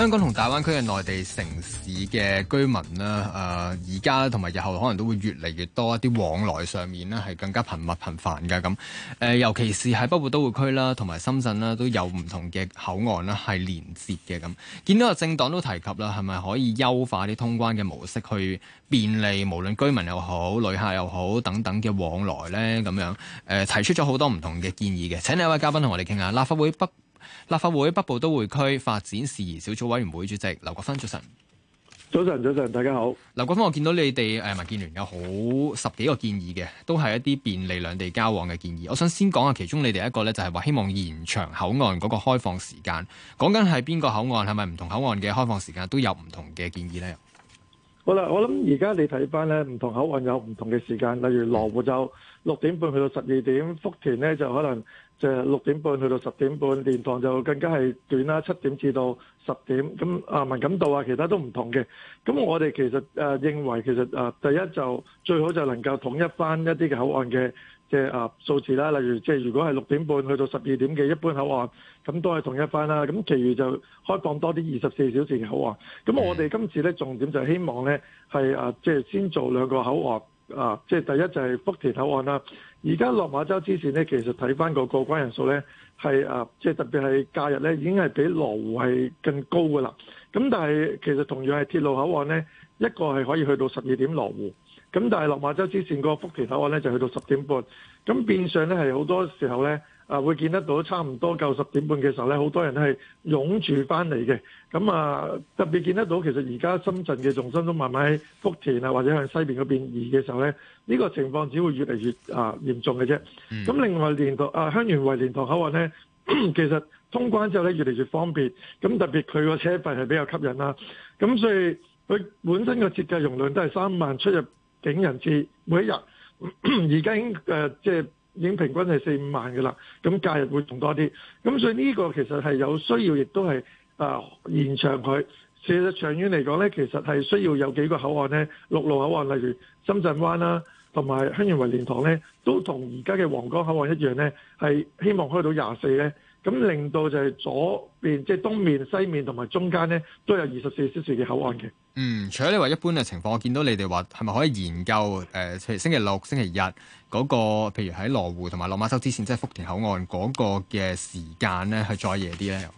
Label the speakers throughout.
Speaker 1: 香港同大灣區嘅內地城市嘅居民呢，誒而家同埋日後可能都會越嚟越多一啲往來上面呢，係更加頻密頻繁嘅咁。誒、呃，尤其是喺北部都會區啦，同埋深圳啦，都有唔同嘅口岸啦，係連接嘅咁。見到個政黨都提及啦，係咪可以優化啲通關嘅模式，去便利無論居民又好、旅客又好等等嘅往來呢？咁樣誒、呃，提出咗好多唔同嘅建議嘅。請另一位嘉賓同我哋傾下立法會北。立法會北部都會區發展事宜小組委員會主席劉國勳，早晨，早晨早晨，大家好。劉國勳，我見到你哋誒，民、啊、建聯有好十幾個建議嘅，都係一啲便利兩地交往嘅建議。我想先講下其中你哋一個呢，就係話希望延長口岸嗰個開放時間。講緊係邊個口岸，係咪唔同口岸嘅開放時間都有唔同嘅建議呢？
Speaker 2: 好啦，我諗而家你睇翻咧，唔同口岸有唔同嘅時間。例如羅湖就六點半去到十二點，福田呢就可能就六點半去到十點半，連塘就更加係短啦，七點至到十點。咁文錦渡啊，其他都唔同嘅。咁我哋其實誒認為，其實誒第一就最好就能夠統一翻一啲嘅口岸嘅。即係啊數字啦，例如即係如果係六點半去到十二點嘅一般口岸，咁都係同一番啦。咁其餘就開放多啲二十四小時嘅口岸。咁我哋今次咧重點就係希望咧係啊，即係先做兩個口岸啊，即係第一就係福田口岸啦。而家落馬洲之前呢，其實睇翻個過關人數咧係啊，即係特別係假日咧已經係比羅湖係更高噶啦。咁但係其實同樣係鐵路口岸咧，一個係可以去到十二點羅湖。咁但係落馬洲支線嗰個福田口岸咧就去到十點半，咁變相咧係好多時候咧啊會見得到差唔多夠十點半嘅時候咧，好多人都係湧住翻嚟嘅，咁啊特別見得到其實而家深圳嘅重心都慢慢喺福田啊，或者向西邊嗰邊移嘅時候咧，呢、呢個情況只會越嚟越啊嚴重嘅啫。咁、mm. 另外蓮塘啊，香園圍蓮塘口岸咧，其實通關之後咧越嚟越方便，咁特別佢個車費係比較吸引啦，咁所以佢本身嘅設計容量都係三萬出入。警人次每一日而家已經誒，即係已經平均係四五萬嘅啦。咁假日會仲多啲。咁所以呢個其實係有需要，亦都係啊延長佢。其實長遠嚟講咧，其實係需要有幾個口岸咧，陸路口岸，例如深圳灣啦，同埋香園圍蓮塘咧，都同而家嘅皇崗口岸一樣咧，係希望開到廿四咧。咁令到就係左邊，即、就、係、是、東面、西面同埋中間咧，都有二十四小時嘅口岸嘅。嗯，
Speaker 1: 除咗你話一般嘅情況，我見到你哋話係咪可以研究、呃、星期六、星期日嗰、那個，譬如喺羅湖同埋落馬洲之前，即、就、係、是、福田口岸嗰個嘅時間咧，係再夜啲咧？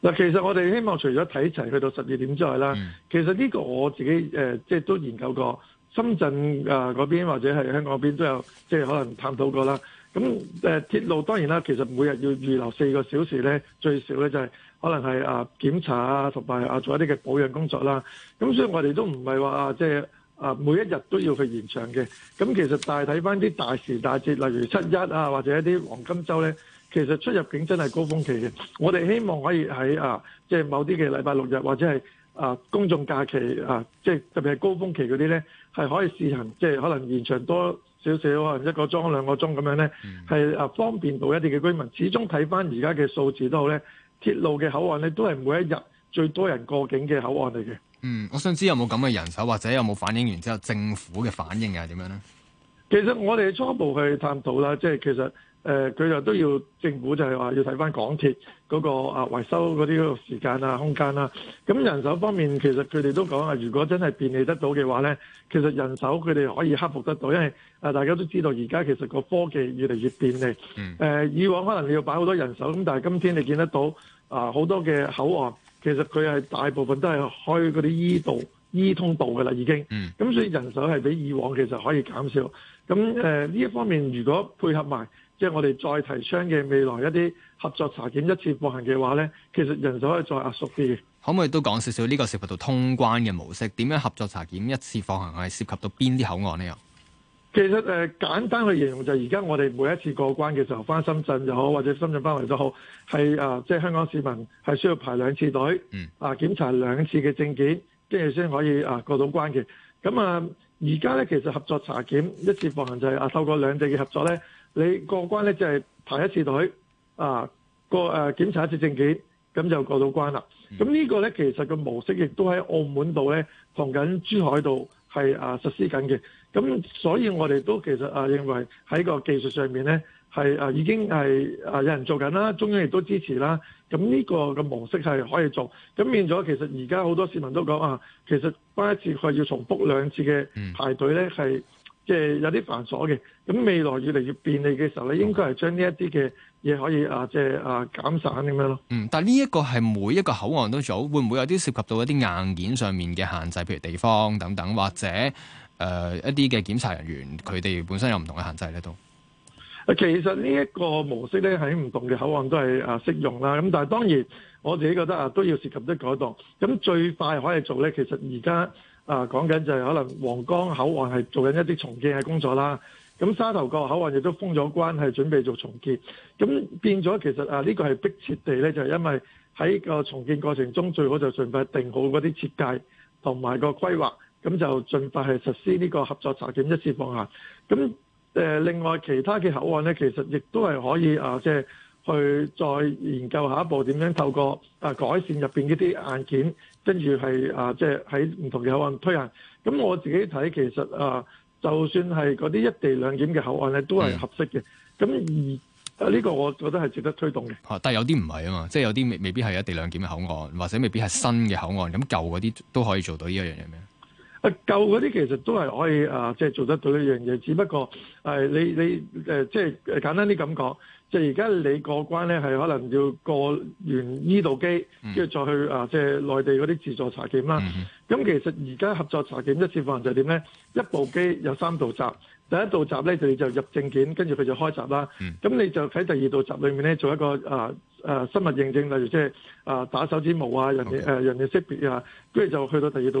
Speaker 2: 嗱，其實我哋希望除咗睇齊去到十二點之外啦，嗯、其實呢個我自己、呃、即係都研究過深圳嗰邊或者係香港嗰邊都有，即係可能探討過啦。咁誒鐵路當然啦，其實每日要預留四個小時咧，最少咧就係可能係啊檢查啊，同埋啊做一啲嘅保養工作啦。咁所以我哋都唔係話即係啊每一日都要去延長嘅。咁其實大睇翻啲大時大節，例如七一啊，或者一啲黃金週咧，其實出入境真係高峰期嘅。我哋希望可以喺啊即係某啲嘅禮拜六日或者係啊公眾假期啊，即係特別係高峰期嗰啲咧，係可以試行即係可能延長多少少可能一個鐘兩個鐘咁樣呢，係啊方便到一啲嘅居民。始終睇翻而家嘅數字都好呢，鐵路嘅口岸呢都係每一日最
Speaker 1: 多人過境嘅口岸嚟嘅。嗯，我想知有冇咁嘅人手，或者有冇反映完之後政府嘅反應啊？點樣呢？
Speaker 2: 其實我哋初步去探討啦，即係其實。誒佢又都要政府就係話要睇返港鐵嗰、那個啊維修嗰啲時間啊空間啦、啊。咁人手方面其實佢哋都講啊，如果真係便利得到嘅話呢，其實人手佢哋可以克服得到，因為啊大家都知道而家其實個科技越嚟越便利。誒、嗯呃、以往可能你要擺好多人手，咁但係今天你見得到啊好多嘅口岸其實佢係大部分都係開嗰啲醫道醫通道㗎啦，已經。咁、嗯、所以人手係比以往其實可以減少。咁呢、呃、一方面如果配合埋。即係我哋再提倡嘅未來一啲合作查檢一次放行嘅話咧，其實人手可以再壓縮啲嘅。
Speaker 1: 可唔可以都講少少呢個涉及到通關嘅模式？點樣合作查檢一次放行係涉及到邊啲口岸呢？又
Speaker 2: 其實誒、呃，簡單去形容就係而家我哋每一次過關嘅時候，翻深圳又好，或者深圳翻嚟都好，係誒、呃，即係香港市民係需要排兩次隊，嗯啊，檢、呃、查兩次嘅證件，跟住先可以啊過到關嘅。咁啊，而家咧其實合作查檢一次放行就係、是、啊、呃，透過兩地嘅合作咧。你過關呢，就係排一次隊啊，個誒檢查一次證件，咁就過到關啦。咁、嗯、呢個呢，其實個模式亦都喺澳門度呢，同緊珠海度係啊實施緊嘅。咁所以我哋都其實啊認為喺個技術上面呢，係啊已經係啊有人做緊啦，中央亦都支持啦。咁呢個嘅模式係可以做。咁變咗其實而家好多市民都講啊，其實關一次佢要重複兩次嘅排隊呢，係、嗯。即係有啲繁瑣嘅，咁未來越嚟越便利嘅時候咧、嗯，應該係將呢一啲嘅嘢可以啊，即係啊減省咁樣咯。嗯，
Speaker 1: 但係呢一個係每一個口岸都做，會唔會有啲涉及到一啲硬件上面嘅限制，譬如地方等等，或者誒、呃、一啲嘅檢查人員佢哋本身有唔同嘅限制咧？都
Speaker 2: 啊，其實呢一個模式咧喺唔同嘅口岸都係啊適用啦。咁但係當然我自己覺得啊都要涉及一啲改動。咁最快可以做咧，其實而家。啊，講緊就係可能皇崗口岸係做緊一啲重建嘅工作啦，咁沙頭角口岸亦都封咗關，係準備做重建。咁變咗其實啊，呢、呢個係迫切地呢，就係、因為喺個重建過程中，最好就盡快定好嗰啲設計同埋個規劃，咁就盡快係實施呢個合作查驗一次放行。咁、呃、另外其他嘅口岸呢，其實亦都係可以啊，即係。.去再研究下一步點樣透過啊改善入面呢啲硬件，跟住係啊即係喺唔同嘅口岸推行。咁我自己睇其實啊，呃，就算係嗰啲一地兩檢嘅口岸咧，都係合適嘅。咁而啊呢個，我覺得係值得推動嘅。
Speaker 1: 啊，但有啲唔係啊嘛，即係有啲未未必係一地兩檢嘅口岸，或者未必係新嘅口岸。咁舊嗰啲都可以做到呢一樣嘢咩？
Speaker 2: 啊，舊嗰啲其實都係可以啊，即、呃、係、就是、做得到呢樣嘢。只不過誒、呃，你你誒，即、呃、係、就是、簡單啲咁講，即係而家你過關咧，係可能要過完呢、e、度機，跟住再去啊，即、呃、係、就是、內地嗰啲自助查檢啦。咁、嗯、其實而家合作查驗一次放行就係點咧？一部機有三道閘，第一道閘咧，佢就入證件，跟住佢就開閘啦。咁、嗯、你就喺第二道閘裏面咧，做一個啊啊、呃呃、生物認證，例如即係啊打手指模啊，人面、okay. 呃、人面識別啊，跟住就去到第二道。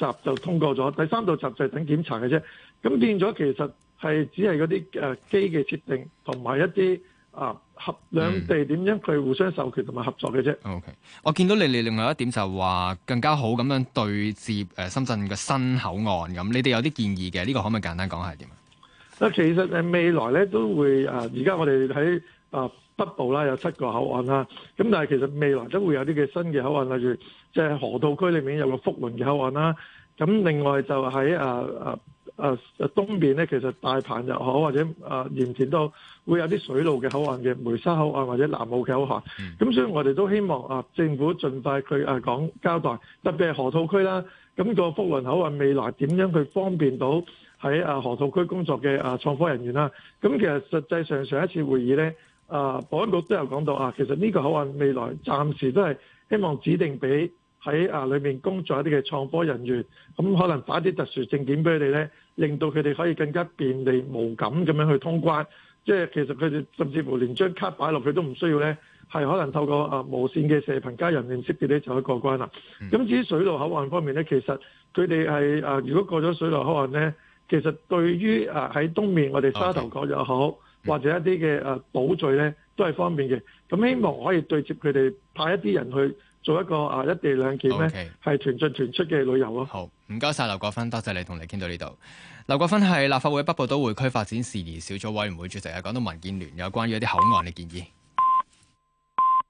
Speaker 2: 集就通過咗，第三度集就等檢查嘅啫。咁變咗其實係只係嗰啲誒機嘅設定同埋一啲啊合兩地點樣佢互相授權同埋合作嘅啫。嗯、o、okay. K，
Speaker 1: 我見到你哋另外一點就話更加好咁樣對接誒、呃、深圳嘅新口岸咁，你哋有啲建議嘅呢、呢個可唔可以簡單講下係點啊？
Speaker 2: 嗱，其實誒未來咧都會誒，而、呃、家我哋喺誒。呃北部啦，有七個口岸啦，咁但係其實未來都會有啲嘅新嘅口岸例如，即係河套區裏面有個福龍嘅口岸啦。咁另外就喺啊啊啊東邊咧，其實大鵬入口或者啊鹽田都會有啲水路嘅口岸嘅梅沙口岸或者南澳嘅口岸。咁所以我哋都希望啊政府盡快去啊講交代，特別係河套區啦。咁個福龍口岸未來點樣去方便到喺啊河套區工作嘅啊創科人員啦。咁其實實際上上一次會議咧。啊，保安局都有講到啊，其實呢個口岸未來暫時都係希望指定俾喺啊裏面工作一啲嘅創科人員，咁可能擺啲特殊證件俾佢哋咧，令到佢哋可以更加便利無感咁樣去通關。即係其實佢哋甚至乎連張卡擺落去都唔需要咧，係可能透過啊無線嘅射頻加人臉識別咧就可以過關啦。咁、嗯、至於水路口岸方面咧，其實佢哋係啊，如果過咗水路口岸咧，其實對於啊喺東面我哋沙頭角又好。Okay. 或者一啲嘅誒補墜咧，都係方便嘅。咁希望可以對接佢哋，派一啲人去做一個誒一地兩
Speaker 1: 檢咧，係團進團出嘅旅遊咯。Okay. 好，唔該晒，劉國勳，多謝你同你哋傾到呢度。劉國勳係立法會北部都會區發展事宜小組委員會主席，講到民建聯有關於一啲口岸嘅建議。